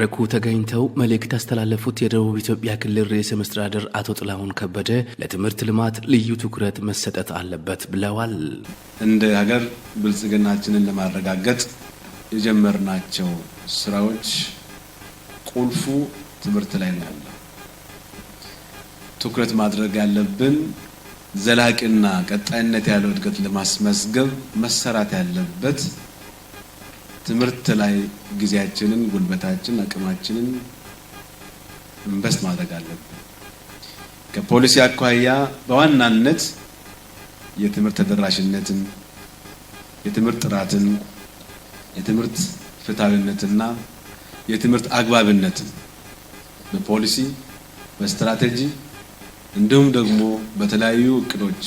በመድረኩ ተገኝተው መልእክት ያስተላለፉት የደቡብ ኢትዮጵያ ክልል ርዕሰ መስተዳደር አቶ ጥላሁን ከበደ ለትምህርት ልማት ልዩ ትኩረት መሰጠት አለበት ብለዋል። እንደ ሀገር ብልጽግናችንን ለማረጋገጥ የጀመርናቸው ስራዎች ቁልፉ ትምህርት ላይ ነው ያለው። ትኩረት ማድረግ ያለብን ዘላቂና ቀጣይነት ያለው እድገት ለማስመዝገብ መሰራት ያለበት ትምህርት ላይ ጊዜያችንን፣ ጉልበታችን፣ አቅማችንን እንበስ ማድረግ አለብን። ከፖሊሲ አኳያ በዋናነት የትምህርት ተደራሽነትን፣ የትምህርት ጥራትን፣ የትምህርት ፍትሐዊነትና የትምህርት አግባብነትን በፖሊሲ በስትራቴጂ እንዲሁም ደግሞ በተለያዩ እቅዶች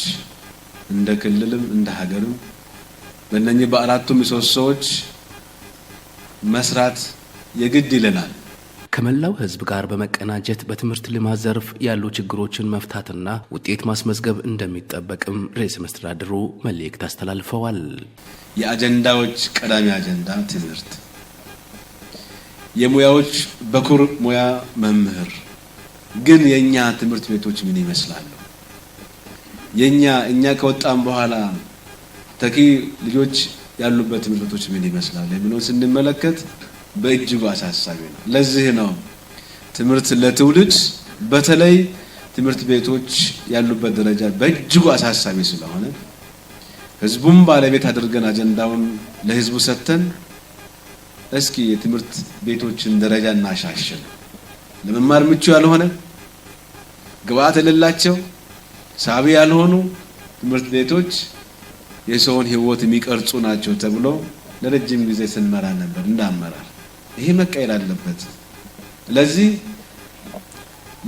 እንደ ክልልም እንደ ሀገርም በእነኚህ በአራቱ ምሰሶዎች መስራት የግድ ይለናል። ከመላው ሕዝብ ጋር በመቀናጀት በትምህርት ልማት ዘርፍ ያሉ ችግሮችን መፍታትና ውጤት ማስመዝገብ እንደሚጠበቅም ርዕሰ መስተዳድሩ መልእክት አስተላልፈዋል። የአጀንዳዎች ቀዳሚ አጀንዳ ትምህርት፣ የሙያዎች በኩር ሙያ መምህር። ግን የእኛ ትምህርት ቤቶች ምን ይመስላሉ? የእኛ እኛ ከወጣም በኋላ ተኪ ልጆች ያሉበት እምነቶች ምን ይመስላል የሚለውን ስንመለከት በእጅጉ አሳሳቢ ነው። ለዚህ ነው ትምህርት ለትውልድ በተለይ ትምህርት ቤቶች ያሉበት ደረጃ በእጅጉ አሳሳቢ ስለሆነ ህዝቡም ባለቤት አድርገን አጀንዳውን ለህዝቡ ሰጥተን እስኪ የትምህርት ቤቶችን ደረጃ እናሻሽል። ለመማር ምቹ ያልሆነ ግብአት የሌላቸው ሳቢ ያልሆኑ ትምህርት ቤቶች የሰውን ህይወት የሚቀርጹ ናቸው ተብሎ ለረጅም ጊዜ ስንመራ ነበር እንዳመራር። ይሄ መቀየር አለበት። ስለዚህ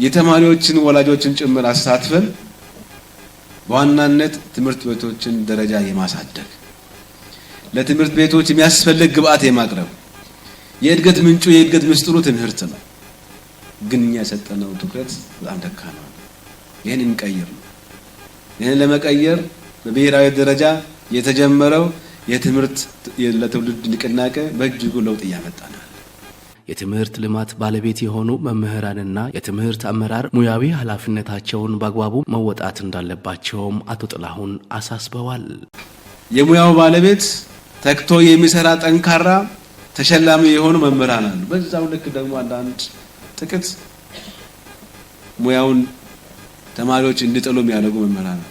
የተማሪዎችን ወላጆችን ጭምር አሳትፈን በዋናነት ትምህርት ቤቶችን ደረጃ የማሳደግ ለትምህርት ቤቶች የሚያስፈልግ ግብአት የማቅረብ የእድገት ምንጩ የእድገት ምስጢሩ ትምህርት ነው። ግን እኛ የሰጠነው ትኩረት በጣም ደካማ ነው። ይህን እንቀይር ነው። ይህን ለመቀየር በብሔራዊ ደረጃ የተጀመረው የትምህርት ለትውልድ ንቅናቄ በእጅጉ ለውጥ እያመጣ ነው። የትምህርት ልማት ባለቤት የሆኑ መምህራንና የትምህርት አመራር ሙያዊ ኃላፊነታቸውን በአግባቡ መወጣት እንዳለባቸውም አቶ ጥላሁን አሳስበዋል። የሙያው ባለቤት ተግቶ የሚሰራ ጠንካራ ተሸላሚ የሆኑ መምህራን አሉ። በዛው ልክ ደግሞ አንዳንድ ጥቂት ሙያውን ተማሪዎች እንዲጥሉ የሚያደርጉ መምህራን አሉ።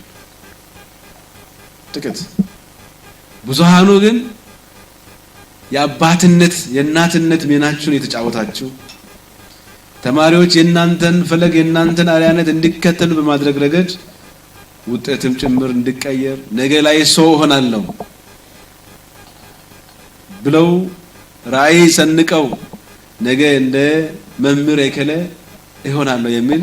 ጥቂት። ብዙሃኑ ግን የአባትነት የእናትነት ሚናችሁን የተጫወታችሁ ተማሪዎች የእናንተን ፈለግ የእናንተን አርያነት እንዲከተሉ በማድረግ ረገድ ውጤትም ጭምር እንዲቀየር ነገ ላይ ሰው እሆናለሁ ብለው ራይ ሰንቀው ነገ እንደ መምህር የከለ ይሆናለሁ የሚል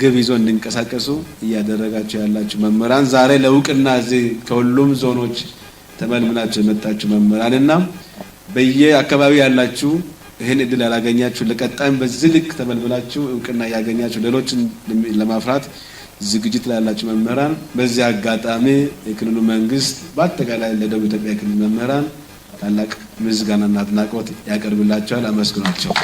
ግብ ይዞ እንዲንቀሳቀሱ እያደረጋቸው ያላችሁ መምህራን ዛሬ ለእውቅና እዚህ ከሁሉም ዞኖች ተመልምናችሁ የመጣችሁ መምህራንና በየአካባቢ ያላችሁ ይህን እድል ያላገኛችሁ ለቀጣይም በዚህ ልክ ተመልምላችሁ እውቅና እያገኛችሁ ሌሎችን ለማፍራት ዝግጅት ላይ ያላችሁ መምህራን በዚህ አጋጣሚ የክልሉ መንግስት በአጠቃላይ ለደቡብ ኢትዮጵያ ክልል መምህራን ታላቅ ምስጋናና አድናቆት ያቀርብላቸዋል። አመስግናቸው።